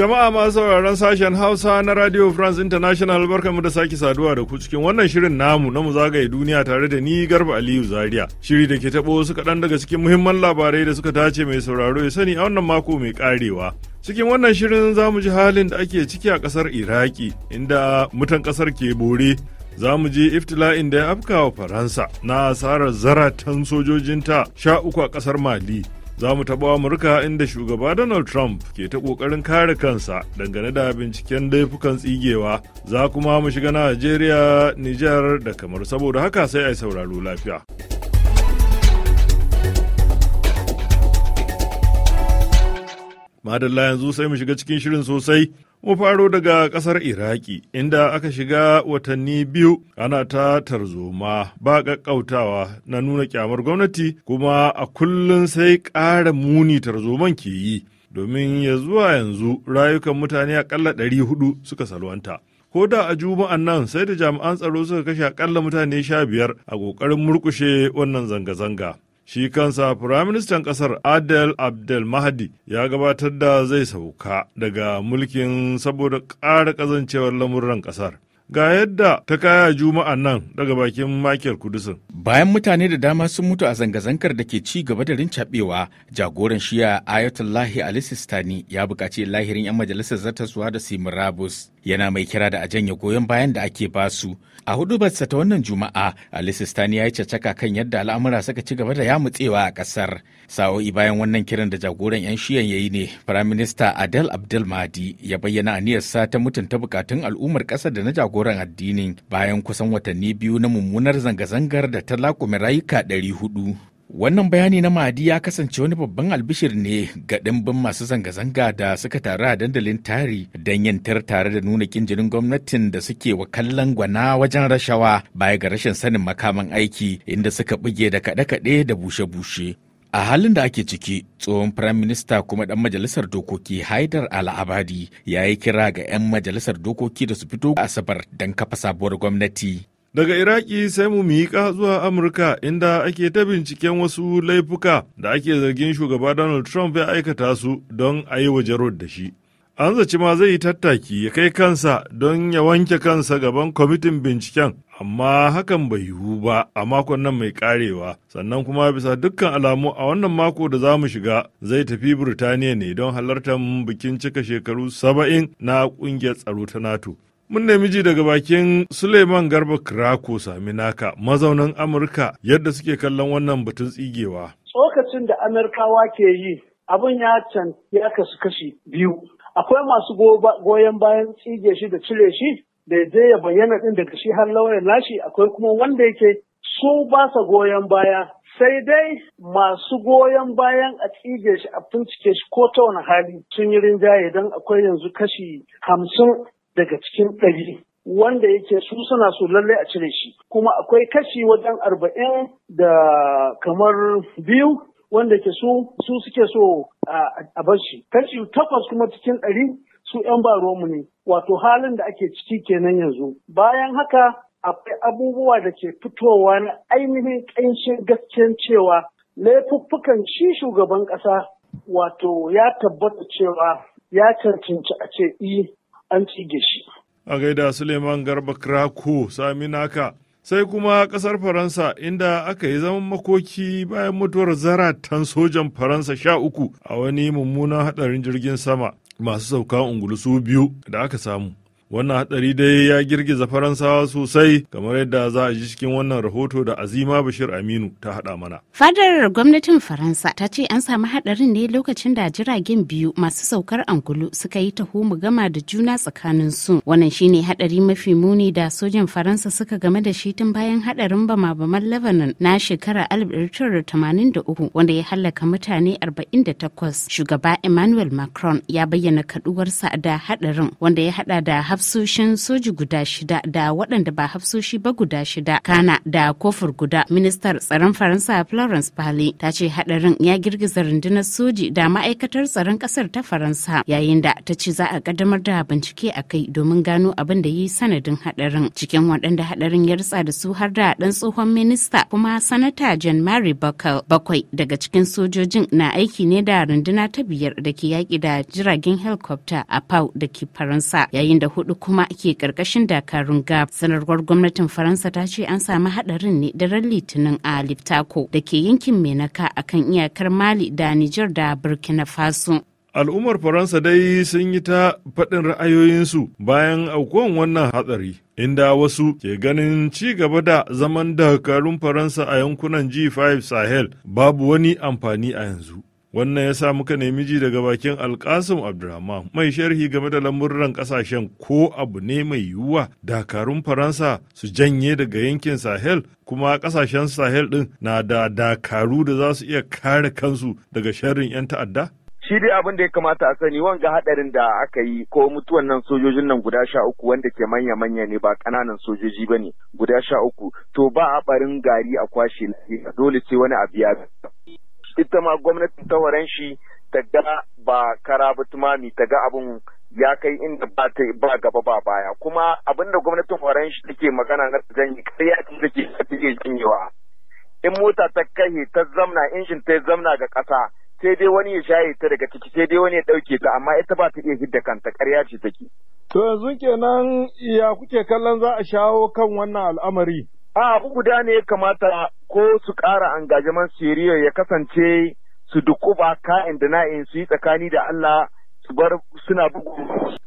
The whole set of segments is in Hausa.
Jama'a masu sauraron sashen Hausa na Radio France International barkamu da sake saduwa da ku cikin wannan shirin namu na mu zagaye duniya tare da ni Garba Aliyu Zaria. Shiri da ke taɓo wasu kaɗan daga cikin muhimman labarai da suka dace mai sauraro ya sani a wannan mako mai ƙarewa. Cikin wannan shirin za mu ji halin da ake ciki a ƙasar Iraki inda mutan ƙasar ke bore za mu je iftila'in da ya afkawa Faransa na asarar zaratan sojojinta sha uku a ƙasar Mali. za mu taɓa amurka inda shugaba donald trump ke ta ƙoƙarin kare kansa dangane da binciken laifukan tsigewa za kuma mu shiga najeriya nijar da kamar saboda haka sai a sauraro lafiya Madalla yanzu sai mu shiga cikin shirin sosai. Mu faro daga kasar Iraki, inda aka shiga watanni biyu ana ta tarzoma ba ƙaƙƙautawa na nuna kyamar gwamnati kuma a kullum sai ƙara muni tarzoman ke yi, domin ya zuwa yanzu rayukan mutane aƙalla ɗari hudu suka salwanta. ko da a juma'an nan sai da jami'an tsaro suka kashe akalla mutane sha biyar a ƙoƙarin murkushe wannan zanga-zanga. Shi kansa Firaministan ƙasar Adel Abdel Mahdi ya gabatar da zai sauka daga mulkin saboda ƙara ƙazancewar lamuran ƙasar. Ga yadda ta kaya juma'a nan daga bakin makiyar Kudusin. Bayan mutane da dama sun mutu a zanga-zangar da ke ci gaba da rincaɓewa, jagoran shiya Ayatollahi Ali Sistani ya bukaci lahirin 'yan majalisar zartaswa da simirabus Yana mai kira da a janye goyon bayan da ake basu A hudubarsa ta wannan Juma'a, Ali Sistani ya yi caccaka kan yadda al'amura suka ci gaba da ya mutsewa a ƙasar. Sa'o'i bayan wannan kiran da jagoran 'yan shiyan ya yi ne, Firaminista Adel Abdul Mahdi ya bayyana aniyarsa ta mutunta bukatun al'ummar ƙasar da na jagoran addinin bayan kusan watanni biyu na mummunar zanga-zangar da ta lakume rayuka 400. Wannan bayani na madi ya kasance wani babban albishir ne ga ɗimbin masu zanga-zanga da suka taru a dandalin tari don yin tare da nuna kin jinin gwamnatin da suke wa kallon gwana wajen rashawa baya ga rashin sanin makaman aiki inda suka buge da kaɗe-kaɗe da bushe-bushe. A halin da ake ciki, tsohon firaminista kuma ɗan majalisar dokoki Haidar Al'abadi ya yi kira ga 'yan majalisar dokoki da su fito a Asabar don kafa sabuwar gwamnati. Daga Iraki sai mu miƙa zuwa Amurka inda ake ta binciken wasu laifuka da ake zargin shugaba Donald Trump ya aikata su don a yi wa jarod da shi. An zaci ma zai yi tattaki ya kai kansa don ya wanke kansa gaban kwamitin binciken, amma hakan bai yiwu ba a makon nan mai karewa, sannan kuma bisa dukkan alamu a wannan mako da za mu shiga zai tafi Birtaniya ne don halartar bikin cika shekaru saba'in na ƙungiyar tsaro ta NATO. Mun nemi ji daga bakin Suleiman Garba Krako Saminaka mazaunan Amurka yadda suke kallon wannan batun tsigewa. Tsokacin da Amurkawa ke yi abin ya can ya kasu kashi biyu. Akwai masu goyon bayan tsige shi da cire shi da je ya bayyana din daga shi har lauyan lashi. akwai kuma wanda yake su ba sa goyon baya sai dai masu goyon bayan a tsige shi a bincike shi ko ta wani hali sun yi rinjaye don akwai yanzu kashi hamsin daga cikin ɗari wanda yake su suna so lallai a cire shi kuma akwai kashi wajen arba'in da kamar biyu wanda ke su su suke so a bar shi kashi takwas kuma cikin ɗari su 'yan ba mu ne wato halin da ake ciki kenan yanzu bayan haka akwai abubuwa da ke fitowa na ainihin ƙanshin gaskiyan cewa laifuffukan shi shugaban ƙasa wato ya tabbata cewa ya cancanci a ce i an tsige shi. A gaida Suleiman Garba Krako sami naka. Sai kuma ƙasar Faransa inda aka yi zaman makoki bayan mutuwar zaratan sojan Faransa sha uku a wani mummunan haɗarin jirgin sama masu sauka ungulu su biyu da aka samu. wannan hadari dai ya girgiza faransawa sosai kamar yadda za a ji cikin wannan rahoto da azima bashir aminu ta hada mana fadar gwamnatin faransa ta ce an samu hadarin ne lokacin da jiragen biyu masu saukar angulu suka yi taho mu gama da juna tsakanin su wannan shine hadari mafi muni da sojan faransa suka game da shi tun bayan hadarin bama-baman lebanon na shekarar 1983 wanda ya hallaka mutane 48 shugaba emmanuel macron ya bayyana kaduwarsa da hadarin wanda ya hada da hafsoshin soji guda shida da waɗanda ba hafsoshi ba guda shida kana da kofur guda ministar tsaron faransa florence pali ta ce hadarin ya girgiza rundunar soji da ma'aikatar tsaron ƙasar ta faransa yayin da ta ce za a ƙaddamar da bincike a kai domin gano abin da yi sanadin hadarin cikin waɗanda hadarin ya ritsa da su har da ɗan tsohon minista kuma sanata jan mary bakwai daga cikin sojojin na aiki ne da runduna ta biyar da ke yaƙi da jiragen helikwafta a pau da ke faransa yayin da hudu hudu kuma ke karkashin dakarun gab sanarwar gwamnatin faransa ta ce an samu hadarin ne daren litinin a liptako da ke yankin menaka akan iyakar mali da nijar da burkina faso al'ummar faransa dai sun yi ta faɗin ra'ayoyinsu bayan aukuwan wannan hatsari inda wasu ke ganin ci gaba da zaman dakarun faransa a yankunan g5 sahel babu wani amfani a yanzu Wannan ya sa muka nemi ji daga bakin Alkasim Abdurrahman mai sharhi game da lamurran kasashen ko abu ne mai yiwuwa dakarun Faransa su janye daga yankin Sahel kuma kasashen Sahel din na da dakaru da za su iya kare kansu daga sharrin 'yan ta'adda? shi dai abin da ya kamata a sani wanga hadarin da aka yi ko mutuwan nan sojojin nan guda sha uku wanda ke manya manya ne ba kananan sojoji ba ne guda sha uku to ba a barin gari a kwashe dole ce wani abu ya ita ma gwamnatin ta waren shi ta ga ba kara ba tumami ta ga abin ya kai inda ba ta ba gaba ba baya kuma abinda gwamnatin waren shi take magana na janyi kariya ta take take janyewa in mota ta kai ta zamna injin ta zamna ga kasa sai dai wani ya shaye ta daga ciki sai dai wani ya ɗauke ta amma ita ba ta iya hidda kanta ƙarya ce take. To yanzu kenan ya kuke kallon za a shawo kan wannan al'amari. a abu guda ne ya kamata ko su ƙara angajaman siriya ya kasance su dukuba ka'in da na'in su yi tsakani da Allah su bar suna bugu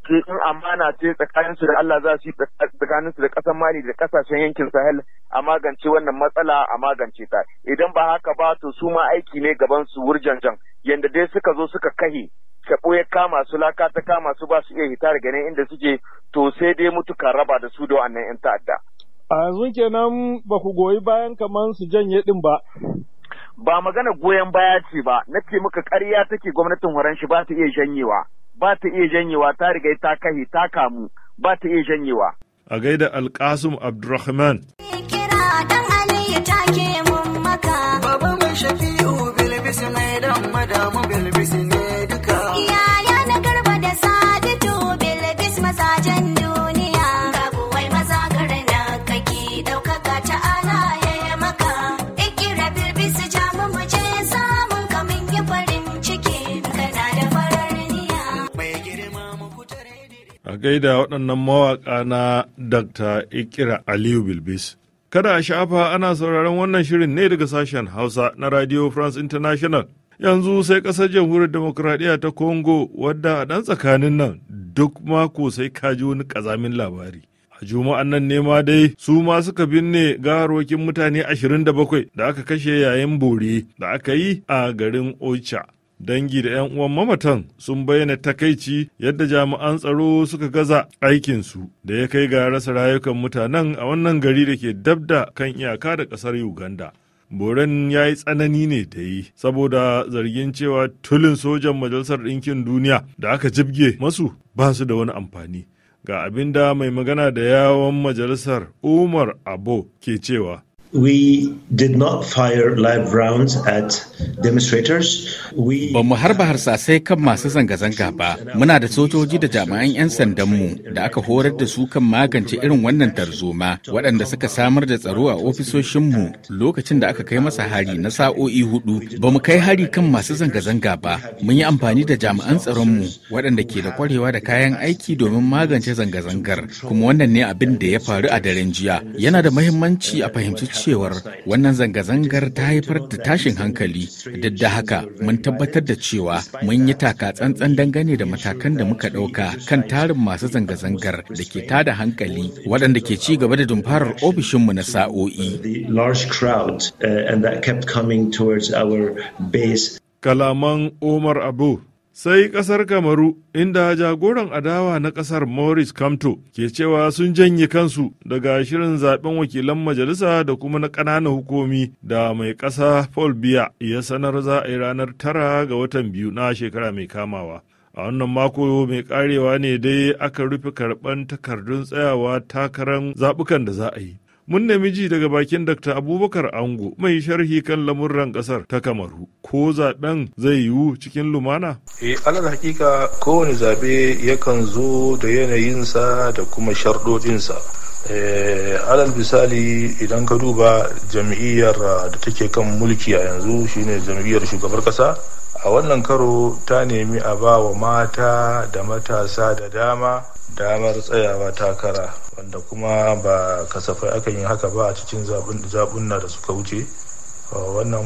in amana ce tsakanin su da Allah za su yi tsakanin da ƙasar Mali da ƙasashen yankin Sahel a magance wannan matsala a magance ta idan ba haka ba to su ma aiki ne gaban su wurjanjan yanda dai suka zo suka kahe shaɓo ya kama su laka ta kama su ba su iya hita daga nan inda suke to sai dai mutuka raba da su da wannan 'yan ta'adda. a yanzu kenan ba ku goyi bayan kamar su janye din ba ba magana goyon baya ce ba na ce maka ƙarya take gwamnatin horon shi ba ta iya janyewa ba ta iya janyewa ta riga ta kahi ta kamu ba ta iya janyewa a gaida alkasim abdurrahman kira dan ali take mun maka baba mai shafi A gaida waɗannan mawaƙa na Dr. Ikira Aliyu Bilbis. Kada a shafa ana sauraron wannan shirin ne daga sashen Hausa na Radio France International. Yanzu sai ƙasar jamhuriyar demokuraɗiyya ta Congo wadda a ɗan tsakanin nan duk mako sai kaji wani ƙazamin labari. A juma'an nan ne ma dai su ma suka binne gawarwakin mutane 27 da aka kashe yayin bore da aka yi a garin Ocha. dangi da 'yan uwan mamatan sun bayyana takaici yadda jami'an tsaro suka gaza aikinsu da ya kai ga rasa rayukan mutanen a wannan gari da ke dabda kan iyaka da ƙasar uganda boren ya yi tsanani ne da yi saboda zargin cewa tulin sojan majalisar ɗinkin duniya da aka jibge masu ba su da wani amfani ga abin da mai magana da yawon majalisar umar abo ke cewa We did not live rounds at demonstrators. We ba mu harba harsasai kan masu zanga-zanga ba. Muna da sojoji da jami'an 'yan sandanmu da aka horar da su kan magance irin wannan tarzoma waɗanda suka samar da tsaro a ofisoshinmu lokacin da aka kai masa hari na sa'o'i hudu. Ba mu kai hari kan masu zanga-zanga ba. Mun yi amfani da jami'an tsaronmu waɗanda ke da kwarewa da kayan aiki domin magance zanga-zangar. Kuma wannan ne abin da ya faru a daren jiya. Yana da mahimmanci a fahimci cewar wannan zanga-zangar ta haifar da tashin hankali duk da haka mun tabbatar da cewa mun yi taka tsantsan dangane da matakan da muka ɗauka kan tarin masu zanga-zangar da ke tada hankali waɗanda ke ci gaba da dumfarar ofishinmu na sa'o'i. Uh, Kalaman Omar Abu sai ƙasar kamaru inda jagoran adawa na ƙasar maurice kamto ke cewa sun janye kansu daga shirin zaben wakilan majalisa da kuma na ƙananan hukumi da mai ƙasa paul biya ya sanar za a yi ranar tara ga watan biyu na shekara mai kamawa a wannan mako mai karewa ne dai aka rufe karɓan takardun tsayawa takarar zaɓukan da za a yi mun nemi ji daga bakin Dr. Abubakar Ango mai sharhi kan lamurran kasar ta Kamaru ko zaɓen zai yiwu cikin lumana? Eh alal hakika kowane zaɓe yakan zo da yanayinsa da kuma shardodinsa. Eh, alal misali idan ka duba jam'iyyar eh, da take kan mulki a yanzu shine jam'iyyar shugabar kasa a wannan karo ta nemi a ba wa mata da matasa da dama damar tsayawa takara wanda kuma ba kasafai akan yi haka ba a cikin zaɓunna da suka wuce wannan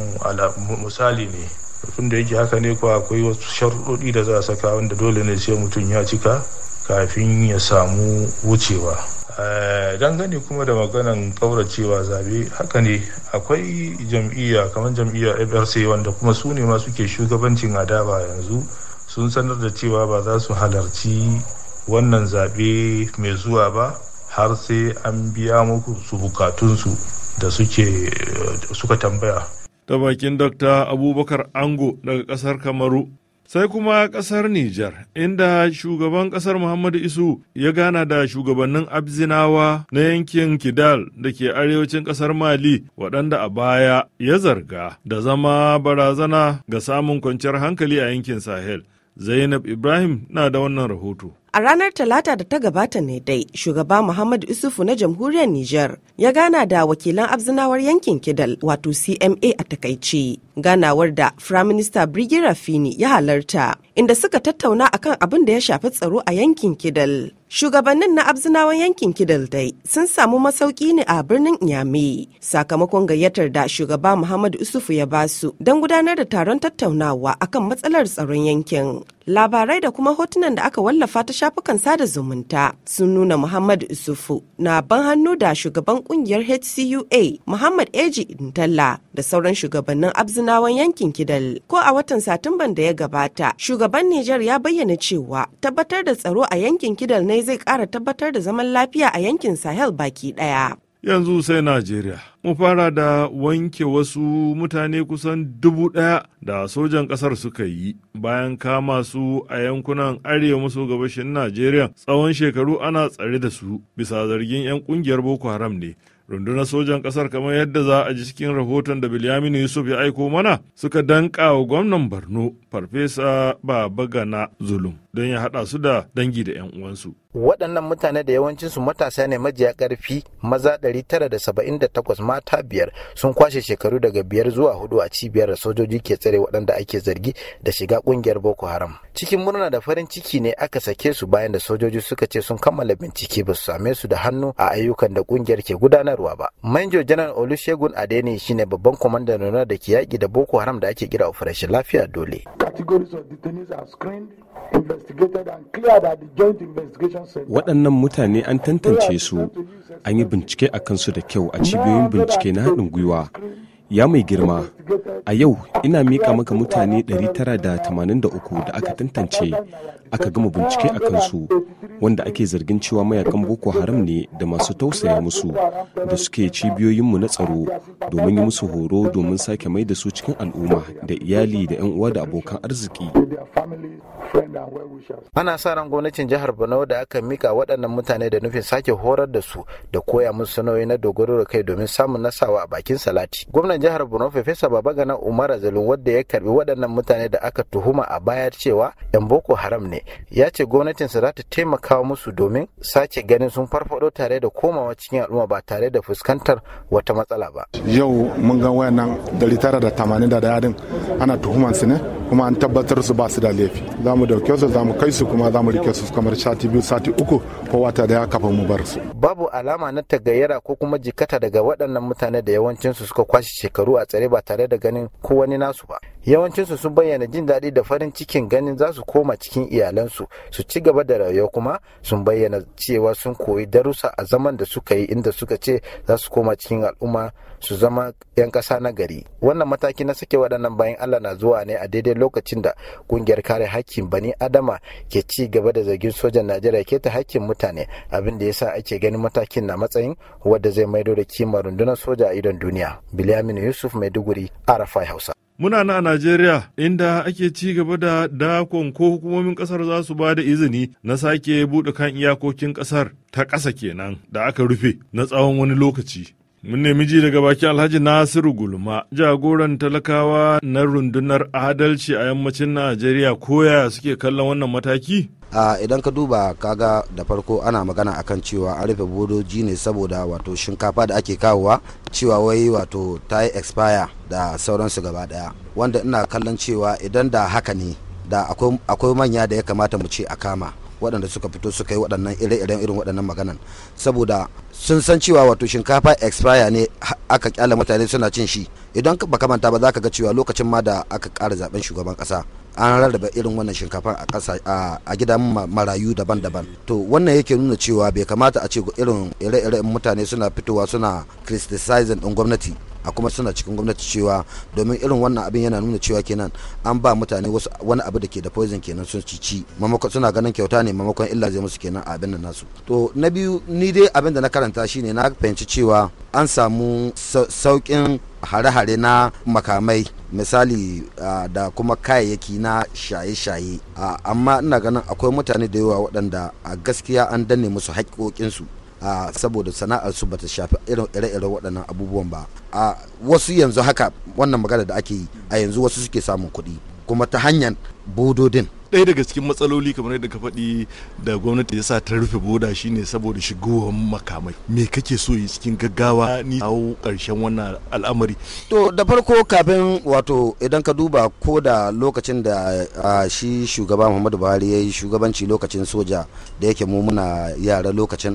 misali ne tun da yake haka ne kuwa akwai wasu sharuɗi da za a saka wanda dole ne sai mutum ya cika kafin ya samu wucewa eh, dangane kuma da maganan kauracewa zabe haka ne akwai jam'iyya kamar jam'iyyar frc wanda kuma su ne masu ke shugabancin adaba yanzu sun sanar da cewa ba za su halarci wannan zaɓe mai zuwa ba har sai an biya muku su bukatunsu da suke eh, suka tambaya ta bakin dokta abubakar ango daga kasar kamaru sai kuma ƙasar Nijar, inda shugaban ƙasar Muhammadu Isu ya gana da shugabannin Abzinawa na yankin Kidal da ke arewacin ƙasar Mali waɗanda a baya ya zarga da zama barazana ga samun kwanciyar hankali a yankin Sahel. Zainab Ibrahim na da wannan rahoto. A ranar Talata da ta gabata ne dai, shugaba Muhammadu Isufu na jamhuriyar Nijar ya gana da wakilan abzinawar yankin Kidal wato CMA a takaici. Ganawar da minister Brigid Rafini ya halarta, inda suka tattauna akan abin da ya shafi tsaro a yankin Kidal. Shugabannin na abzinawar yankin Kidal dai sun samu masauki ne a birnin Iyame sakamakon gayyatar da shugaba Muhammadu isufu ya basu don gudanar da taron tattaunawa akan matsalar tsaron yankin. labarai da kuma hotunan da aka wallafa ta shafukan sada zumunta sun nuna muhammad isufu na ban hannu da shugaban kungiyar hcua muhammad eji intalla da sauran shugabannin abzinawan yankin kidal ko a watan satumban da ya gabata shugaban nijar ya bayyana cewa tabbatar da tsaro a yankin kidal ne zai kara tabbatar da zaman lafiya a yankin sahel baki daya yanzu sai najeriya mu fara da wanke wasu mutane kusan dubu ɗaya da sojan ƙasar suka yi bayan kama su a yankunan arewa maso gabashin najeriya tsawon shekaru ana tsare da su bisa zargin 'yan ƙungiyar boko haram ne rundunar sojan ƙasar kamar yadda za a ji cikin rahoton da bilyaminu yusuf ya aiko mana suka danƙa wa gwamnan borno farfesa babagana zulum don ya haɗa su da dangi da 'yan uwansu. Waɗannan mutane da yawancinsu matasa ne majiya ƙarfi maza 978 mata biyar sun kwashe shekaru daga biyar zuwa hudu a cibiyar da sojoji ke tsare waɗanda ake zargi da shiga ƙungiyar Boko Haram. Cikin murna da farin ciki ne aka sake su bayan da sojoji suka ce sun kammala bincike ba su same su da hannu a ayyukan da ƙungiyar ke gudanarwa ba. Manjo Janar Olusegun Adeni shine babban kwamandan da ke yaƙi da Boko Haram da ake kira Operation Lafiya Dole. Categories of detainees Waɗannan mutane an tantance su, an yi bincike a kansu da kyau a cibiyoyin bincike na haɗin gwiwa. Ya mai girma, a yau ina miƙa maka mutane 983 da aka tantance aka gama bincike a kansu wanda ake zargin cewa mayakan Boko Haram ne da masu tausaya musu da suke cibiyoyinmu na tsaro domin yi musu horo domin sake mai da su cikin al'umma da iyali da 'yan uwa da abokan arziki. Ana sa ran gwamnatin jihar Borno da aka mika waɗannan mutane da nufin sake horar da su da koya musu sanoyi na dogaro da kai domin samun nasawa a bakin salati. Gwamnan jihar Borno babaga na Umar Azalun wanda ya karbi waɗannan mutane da aka tuhuma a bayar cewa 'yan Boko Haram ne ya ce gwamnatinsa za ta taimaka musu domin sake ganin sun farfado tare da komawa cikin al'umma ba tare da fuskantar wata matsala ba. Yau mun ga wayannan da 981 ana tuhumansu ne kuma an tabbatar su ba su da laifi. mu dauke su za mu kai su kuma za mu rike su kamar sati biyu sati uku ko wata daya kafin mu bar su babu alama na tagayyara ko kuma jikata daga waɗannan mutane da yawancin su suka kwashe shekaru a tsare ba tare da ganin ko wani nasu ba yawancinsu sun bayyana jin daɗi da farin cikin ganin za su koma cikin iyalansu su ci gaba da rayuwa kuma sun bayyana cewa sun koyi darussa a zaman da suka yi inda suka ce za su koma cikin al'umma su zama 'yan ƙasa na gari wannan mataki na sake waɗannan bayan allah na zuwa ne a daidai lokacin da ƙungiyar kare hakkin bani adama ke ci gaba da zargin sojan najeriya ke ta hakkin mutane abin da yasa ake ganin matakin na matsayin wadda zai maido da kimar rundunar soja a idon duniya biliyamin yusuf maiduguri arafai hausa Muna na a Najeriya inda ake ci gaba da dakon ko hukumomin kasar za su ba da izini na sake buɗe kan iyakokin kasar ta ƙasa kenan da aka rufe na tsawon wani lokaci. Mun nemi ji daga bakin Alhaji Nasiru Gulma, jagoran talakawa na rundunar adalci a yammacin Najeriya koya suke kallon wannan mataki? a idan ka duba kaga da farko ana magana a kan cewa an rufe bodoji ne saboda wato shinkafa da ake kawowa cewa wai wato ta yi expire da sauransu gaba daya wanda ina kallon cewa idan da haka ne da akwai manya da ya kamata mu ce a kama waɗanda suka fito suka yi waɗannan ire-iren irin waɗannan maganan saboda sun san cewa wato shinkafa expire ne aka kyale mutane suna cin shi idan ba kamanta ba za ka ga cewa lokacin ma da aka ƙara zaben shugaban ƙasa an rarraba irin wannan shinkafa a ƙasa a gidan marayu daban-daban to wannan yake nuna cewa bai kamata a ce irin ire-iren mutane suna fitowa suna criticizing ɗin gwamnati a kuma suna cikin gwamnati cewa domin irin wannan abin yana nuna cewa kenan an ba mutane wasu wani abu da ke da poison kenan sun cici mamakon suna ganin kyauta ne mamakon illa zai musu kenan a abin da nasu to na biyu ni dai abin da na karanta shine na fahimci cewa an samu sauƙin hare-hare na makamai misali da kuma kayayyaki na shaye-shaye amma ina ganin akwai mutane da yawa waɗanda a gaskiya an danne musu haƙƙoƙinsu Uh, saboda sana'ar su bata shafi irin ire-iren waɗannan abubuwan ba a uh, wasu yanzu haka wannan magana da ake yi a yanzu wasu suke samun kuɗi kuma ta hanyar bododin ɗaya daga cikin matsaloli kamar yadda ka faɗi da gwamnati ya sa ta rufe boda shine saboda shigowar makamai me kake so yi cikin gaggawa ni hau ƙarshen wannan al'amari to da farko kafin wato idan ka duba ko da lokacin da shi shugaba muhammadu buhari ya yi shugabanci lokacin soja da yake mu muna yara lokacin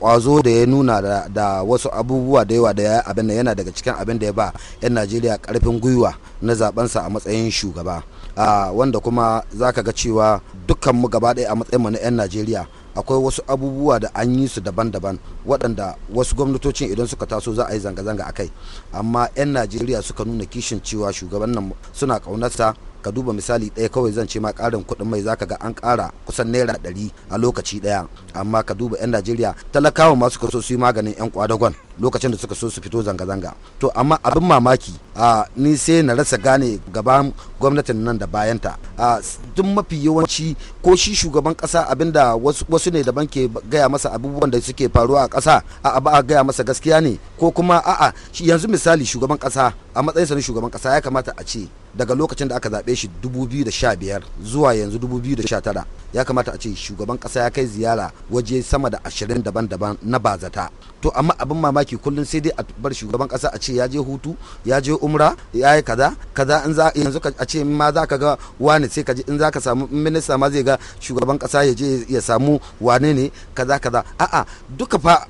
kwazo da ya nuna da, wasu abubuwa da yawa da ya abin yana daga cikin abin da ya ba 'yan najeriya karfin gwiwa na zabensa a matsayin shugaba aa wanda kuma za ka ga cewa dukkan mu gaba ɗaya a matsayin na 'yan najeriya akwai wasu abubuwa da an yi su daban-daban waɗanda wasu gwamnatocin idan suka taso za a yi zanga-zanga a kai amma 'yan najeriya suka nuna kishin cewa shugaban nan suna ƙaunarsa ka duba misali ɗaya kawai zan ce ma ƙarin kuɗin mai zaka ga an ƙara kusan naira ɗari a lokaci ɗaya amma ka duba 'yan najeriya talakawa masu kaso su yi maganin 'yan kwadagon lokacin da suka so su fito zanga-zanga to amma abin mamaki a ni sai na rasa gane gaban gwamnatin nan da bayanta a duk mafi yawanci ko shi shugaban kasa abinda wasu ne daban ke gaya masa abubuwan da suke faruwa a kasa a abu a gaya masa gaskiya ne ko kuma a'a yanzu misali shugaban kasa a matsayinsa na shugaban kasa ya kamata a ce daga lokacin da aka zaɓe shi 2015 zuwa yanzu 2019 ya kamata a ce shugaban ƙasa ya kai ziyara waje sama da 20 daban-daban na bazata to amma abin mamaki kullum sai dai a bar shugaban ƙasa a ce ya je hutu ya je umra ya yi kaza kaza in za yanzu a ce ma za ka ga wani sai ka ji in za ka samu minista ma zai ga shugaban ƙasa ya je ya samu wane ne kaza kaza a'a duka fa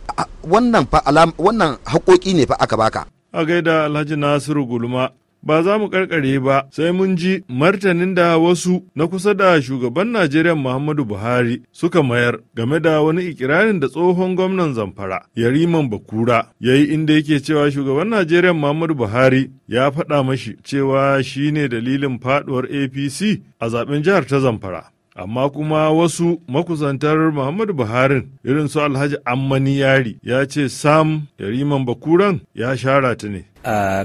wannan fa wannan haƙoƙi ne fa aka baka a gaida alhaji nasiru gulma ba za mu karkare ba sai mun ji martanin da wasu na kusa da shugaban Najeriya Muhammadu Buhari suka mayar game da wani ikirarin da tsohon gwamnan Zamfara Yariman Bakura ya yi inda yake cewa shugaban Najeriya Muhammadu Buhari ya faɗa mashi cewa shine dalilin faduwar APC a zaben jihar ta Zamfara. amma kuma wasu makusantar muhammadu Buhari, irin su alhaji ammani yari ya ce sam yariman bakuran ya shara ta ne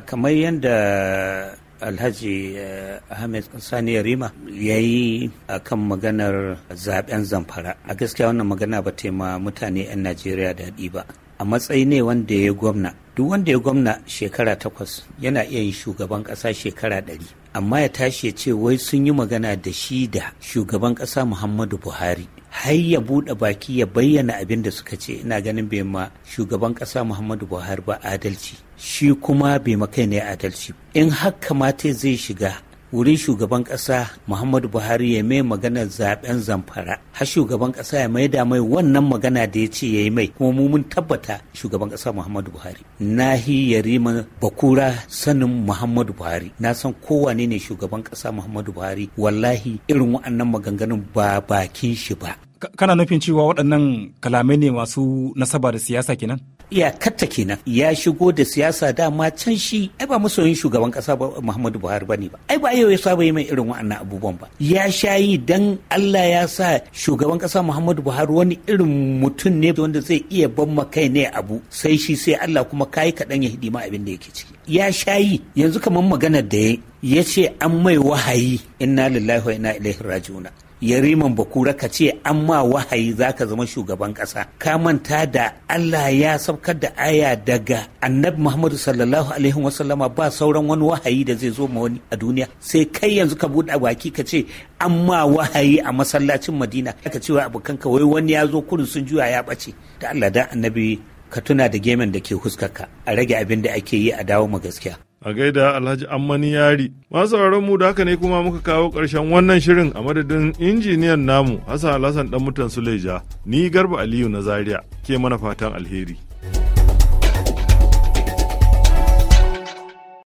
kamar yadda alhaji eh, ahmed sani yarima ya yi a kan maganar zaben zamfara a gaskiya wannan magana ba ta ma mutane 'yan najeriya daɗi ba a matsayi ne wanda ya gwamna duk wanda ya gwamna shekara takwas yana iya yin shugaban ƙasa shekara ɗari amma ya tashi ya ce wai sun yi magana da shi da shugaban ƙasa muhammadu buhari har ya buɗe baki ya bayyana abin da suka ce ina ganin bai ma shugaban ƙasa muhammadu buhari ba adalci shi kuma bai makai ne adalci in har kamata zai shiga wurin shugaban kasa muhammadu buhari ya mai maganar zaben zamfara har shugaban kasa ya maida mai wannan magana da ya ce ya yi mai kuma mu mun tabbata shugaban kasa muhammadu buhari nahi hi yarima bakura sanin muhammadu buhari na san kowane ne shugaban kasa muhammadu buhari wallahi irin wa'annan maganganun ba bakin shi ba kana nufin cewa waɗannan kalamai ne masu nasaba da siyasa kenan iyakarta kenan ya shigo da siyasa dama can shi ai ba masoyin shugaban kasa ba Muhammadu Buhari bane ba ai ba yau ya saba yi mai irin wa'annan abubuwan ba ya shayi dan Allah ya sa shugaban kasa Muhammadu Buhari wani irin mutum ne wanda zai iya ban kai ne abu sai shi sai Allah kuma kai kaɗan ya hidima abin da yake ciki ya shayi yanzu kamar maganar da ya ya ce an mai wahayi inna lillahi wa inna ilaihi raji'una yariman bakura ka ce an ma wahayi za ka zama shugaban ƙasa ka manta da allah ya saukar da aya daga annabi muhammadu sallallahu alaihi wasallama ba sauran wani wahayi da zai zo ma wani a duniya sai kai yanzu ka buɗe baki ka ce an ma wahayi a masallacin madina ka cewa abokanka wai wani ya zo kurin sun juya ya ɓace da allah da annabi ka tuna da gemen da ke huskarka a rage abin da ake yi a dawo ma gaskiya a gaida alhaji ammani yari masu sauraron mu da haka ne kuma muka kawo ƙarshen wannan shirin a madadin injiniyan namu hassan alhassan dan mutan suleja ni garba aliyu na zaria ke mana fatan alheri